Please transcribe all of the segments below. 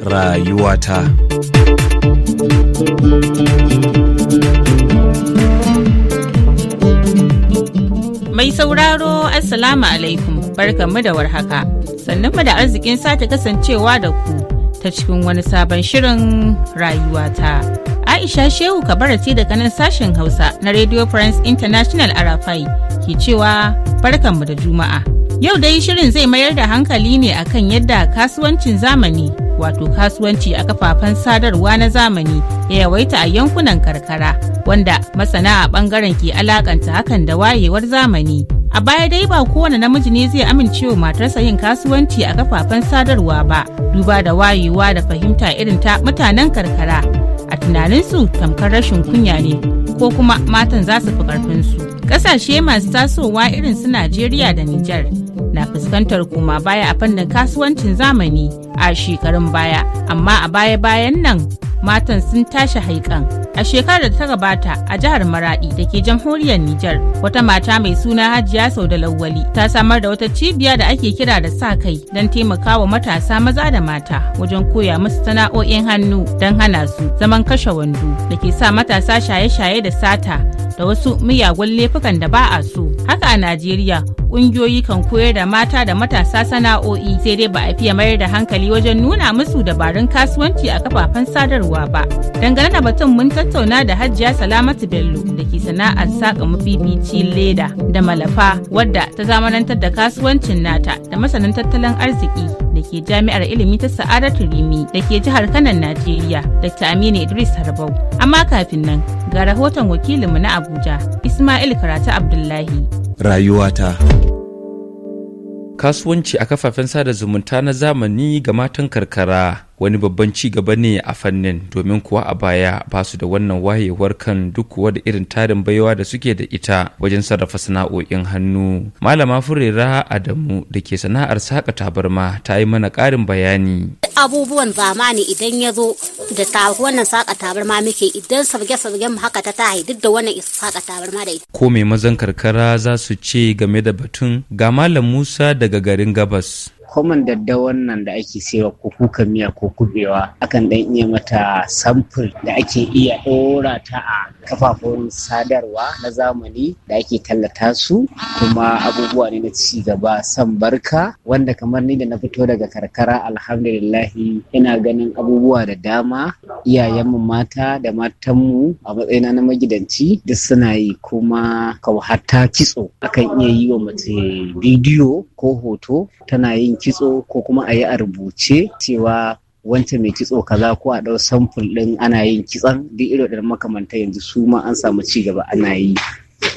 Rayuwata Mai sauraro Assalamu alaikum barkanmu da warhaka mu da arzikin sake kasancewa da ku ta cikin wani sabon shirin rayuwata. Aisha Shehu Kabara ce daga nan sashen Hausa na Radio France International Arafai ke cewa barkanmu da Juma'a. Yau dai shirin zai mayar da hankali ne akan yadda kasuwancin zamani wato kasuwanci a kafafen sadarwa na zamani ya yawaita a yankunan karkara wanda masana a bangaren ke alakanta hakan da wayewar zamani. A baya dai ba kowane namiji ne zai amincewa matarsa yin kasuwanci a kafafen sadarwa ba, duba da wayewa da fahimta irin ta mutanen karkara. A tunaninsu tamkar rashin kunya ne, ko kuma matan za su fi ƙarfinsu. Ƙasashe masu tasowa irin su Najeriya da Nijar na fuskantar koma baya a fannin kasuwancin zamani a shekarun baya amma a baya-bayan nan matan sun tashi haikan A shekarar da ta gabata a jihar Maradi da ke jamhuriyar Nijar, wata mata mai suna Hajiya sau da Lawwali ta samar da wata cibiya da ake kira da sa kai don taimakawa matasa maza da mata wajen koya musu sana'o'in hannu don hana su zaman kashe wando da ke sa matasa shaye-shaye da sata da wasu miyagun laifukan da ba a so. Haka a Najeriya, ƙungiyoyi kan koyar da mata da matasa sana'o'i sai dai ba a fiye mayar da hankali wajen nuna musu dabarun kasuwanci a kafafen sadarwa ba. Dangane da batun mun tattauna da Hajiya Salamatu Bello da ke sana'ar saka mafifici leda da malafa wadda ta zamanantar da kasuwancin nata da masanin tattalin arziki da ke jami'ar ilimi ta Sa'adatu Rimi da ke jihar Kanan Najeriya Dr. Aminu Idris Harbau. Amma kafin nan ga rahoton wakilinmu na Abuja Ismail Karatu Abdullahi. Rayuwata. kasuwanci a kafafen sada zumunta na zamani ga matan karkara wani babban ci gaba ne a fannin domin kuwa a baya ba su da wannan wayewar kan duk kuwa da irin tarin baiwa da suke da ita wajen sarrafa sana'o'in hannu malama furera adamu da ke sana'ar saka tabarma ta yi mana ƙarin bayani abubuwan zamani idan ya zo da ta wannan saka tabarma muke idan sabge sabgen mu haka ta tahi duk da wannan saka tabarma da ita ko mai mazan karkara za su ce game da batun ga malam Musa daga garin Gabas kwaman daddawan nan da ake sayarwa ko kuka miya ko kubewa akan dan iya mata samfur da ake iya ɗora ta a kafafun sadarwa na zamani da ake tallata su kuma abubuwa ne na ci gaba san barka wanda kamar ni da na fito daga karkara alhamdulillah. ina ganin abubuwa da dama iyayenmu mata da matan mu a matsayina na magidanci duk suna yi kuma hatta kitso akan iya yi wa mace bidiyo ko hoto tana yin kitso ko kuma a yi a rubuce cewa wancan mai kitso kaza ko a ɗau samfur ɗin ana yin kitsan duk irin makamanta yanzu su ma an samu ci gaba ana yi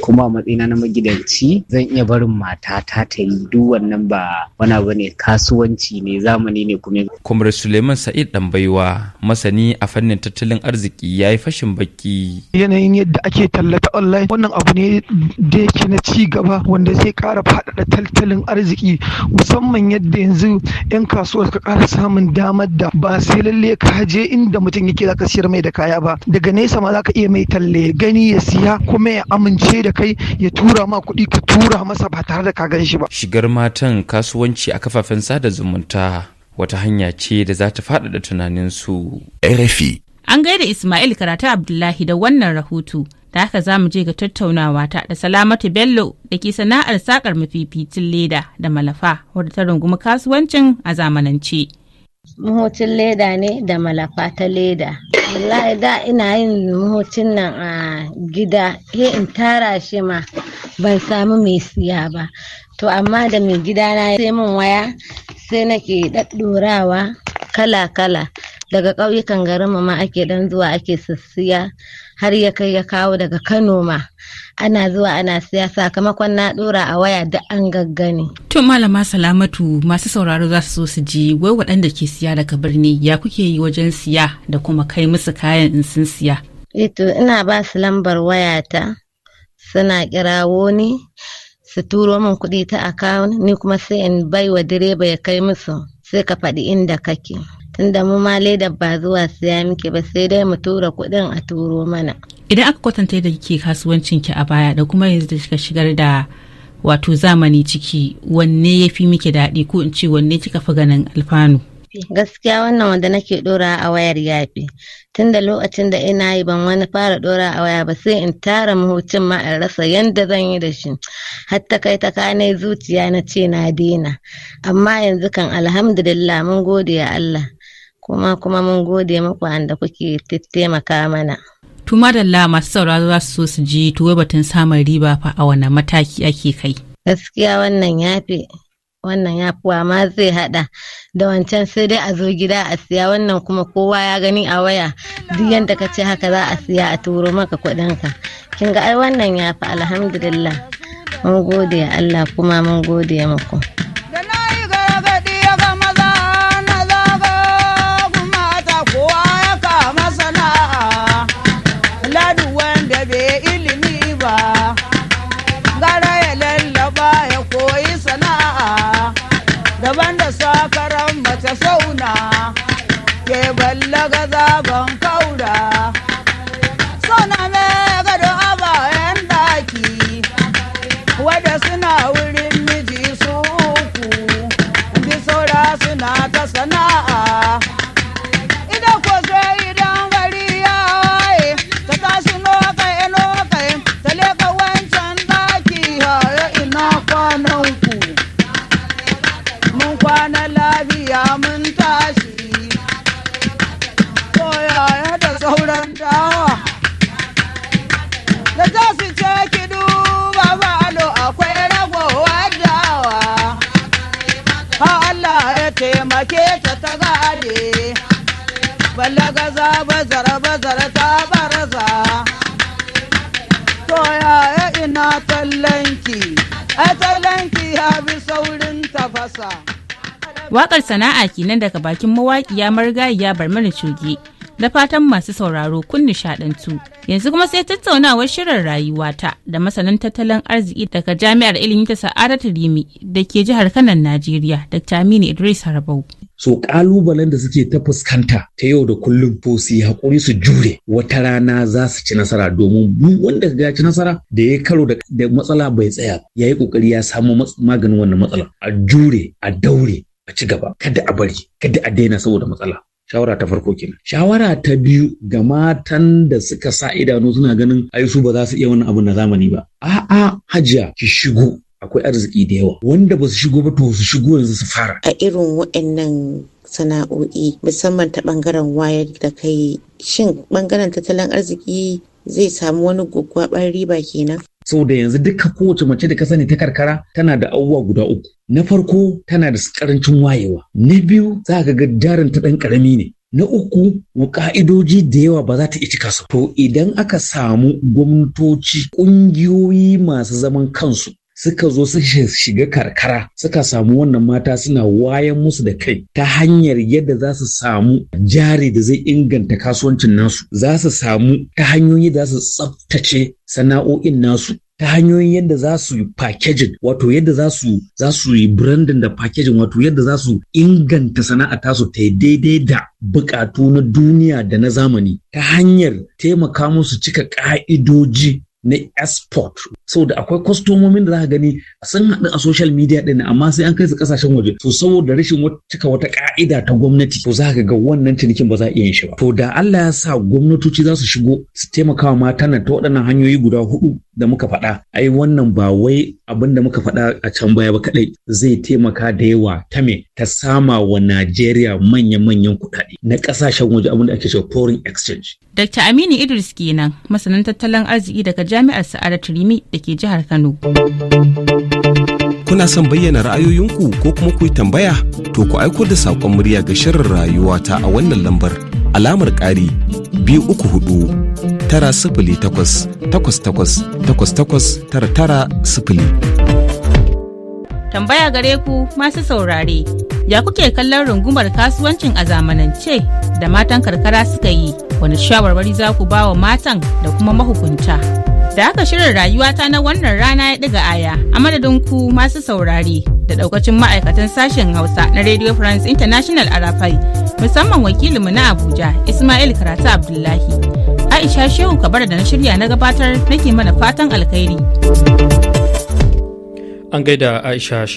kuma a matsayina na magidanci zan iya barin matata ta yi duk wannan ba wani abu kasuwanci ne zamani ne kuma kumar suleiman sa'id baiwa masani a fannin tattalin arziki ya yi fashin baki yanayin yadda ake tallata online wannan abu ne da yake na ci gaba wanda zai kara faɗaɗa tattalin arziki musamman yadda yanzu 'yan kasuwa suka kara samun damar da ba sai lalle ka je inda mutum yake zaka siyar mai da kaya ba daga nesa ma zaka iya mai talle gani ya siya kuma ya amince sai da kai ya tura ma kuɗi ka tura masa ba tare da ka gan shi ba shigar matan kasuwanci a kafafen sada zumunta wata hanya ce da za ta faɗaɗa tunaninsu rfi an gaida ismail karatu abdullahi da wannan rahoto da haka za mu je ga tattaunawa ta da salamatu bello da ke sana'ar sakar mafificin leda da malafa wadda ta rungumi kasuwancin a zamanance. mahotin leda ne da malafa ta leda. wallahi da ina yin hutun nan a gida ke in tara shi ma ban samu mai siya ba to amma da mai gida na sai mun waya sai nake ɗaɗɗorawa kala-kala daga ƙauyukan garin ma ake dan zuwa ake siya har ya kai ya kawo daga Kano ma ana zuwa ana siya sakamakon na dora a waya da an gaggani. To malama salamatu masu sauraro za su so su ji wai waɗanda ke siya daga birni ya kuke yi wajen siya da kuma kai musu kayan in sun siya. Ito eh ina ba su lambar ta suna kirawo ni su turo min kuɗi ta akawun ni kuma sai in bai wa direba ya kai musu sai ka faɗi inda kake. tunda mu ma ledar ba zuwa siya muke ba sai dai mu tura kuɗin a turo mana. Idan aka kwatanta da kike kasuwancin ki a baya da kuma yanzu da kika shigar da wato zamani ciki wanne ya fi miki daɗi ko in ce wanne kika fi ganin alfanu. Gaskiya wannan wanda nake ɗora a wayar yafi. Tun da lokacin da ina yi ban wani fara ɗora a waya ba sai in tara mahucin ma in rasa yadda zan yi da shi. Hatta kai ta kane zuciya na ce na daina. Amma yanzu kan alhamdulillah mun gode ya Allah. kuma kuma mun gode muku da kuke taimaka mana. Tuma da masu sauraro za su so su ji tuwo batun samun riba fa a wannan mataki ake kai. Gaskiya wannan ya fi wannan ya fi ma zai hada da wancan sai dai a zo gida a siya wannan kuma kowa ya gani a waya duk yadda ka ce haka za a siya a turo maka ka Kin ga ai wannan ya fi alhamdulillah. Mun gode Allah kuma mun gode muku. Bye. balaga za bazara bazara ta barasa to yaya ina tallanki a tallanki ya bi saurin tafasa Waƙar sana'a kenan daga bakin mawaƙiya marigayiya barmana coge da fatan masu sauraro kun nishaɗantu. Yanzu kuma sai tattaunawar shirin rayuwata da masanin tattalin arziki daga Jami'ar Ilimi ta Sa'adatu Rimi da ke jihar Kanan Najeriya, Dr. Aminu Idris Harbau. so ƙalubalen da suke ta fuskanta ta yau da kullum to su yi haƙuri su jure wata rana za su ci nasara domin wanda ya ci nasara da ya karo da matsala bai tsaya ya yi kokari ya samu maganin wannan matsala a jure a daure a ci gaba kada a bari kada a daina saboda matsala shawara ta farko kenan shawara ta biyu ga matan da suka sa idanu suna ganin ai su ba za su iya wannan abu na zamani ba a'a hajiya ki shigo akwai arziki da yawa wanda ba su shigo ba to su shigo yanzu su fara a irin waɗannan sana'o'i musamman ta bangaren wayar da kai shin bangaren tattalin arziki zai samu wani gwaggwaɓar riba kenan da yanzu duka kowace mace da ka sani ta karkara tana da abubuwa guda uku na farko tana da karancin wayewa na biyu za ka ga jarin ta ɗan karami ne na uku ka'idoji da yawa ba za ta iya cika su to idan aka samu gwamnatoci ƙungiyoyi masu zaman kansu suka zo suka shiga karkara suka samu wannan mata suna wayan musu da kai ta hanyar yadda za su samu jari da zai inganta kasuwancin nasu za su samu ta hanyoyi za su tsaftace sana'o'in nasu ta hanyoyin yadda za su yi packaging wato yadda za su za su yi branding da packaging wato yadda za su inganta sana'a tasu ta daidai da bukatu na duniya da na zamani ta hanyar taimaka musu cika ka'idoji na export da akwai kwastomomin da za ka gani sun haɗu a social media ɗin amma sai an kai su ƙasashen waje to saboda rashin cika wata ƙa'ida ta gwamnati to za ka ga wannan cinikin ba za a iya yin shi ba to da Allah ya sa gwamnatoci za su shigo su taimakawa mata na ta waɗannan hanyoyi guda hudu da muka faɗa ai wannan ba wai abin da muka faɗa a can baya ba kaɗai zai taimaka da yawa ta me ta sama wa Najeriya manya-manyan kuɗaɗe na ƙasashen waje abin da ake cewa foreign exchange. Dr. Aminu Idris kenan masanin tattalin arziki daga jami'ar sa'ada turimi da ke jihar kano kuna son bayyana ra'ayoyinku ko kuma ku tambaya to ku aiko da saƙon murya ga shirin rayuwa ta a wannan lambar alamar ƙari biyu uku hudu tara sifili takwas takwas takwas takwas takwas tara tara sifili. Tambaya gare ku masu saurare, ya kuke kallon rungumar kasuwancin a zamanance da matan karkara suka yi wani shawarwari za ku ba wa matan da kuma mahukunta. Da haka shirin rayuwata na wannan rana ya ɗiga aya a madadin ku masu saurare da ɗaukacin ma'aikatan sashen Hausa na Radio France International Arafai musamman wakilinmu na Abuja Ismail Karatu Abdullahi. Aisha Shehu Kabar da na shirya na gabatar nake mana fatan alkhairi. An gaida Aisha Shehu.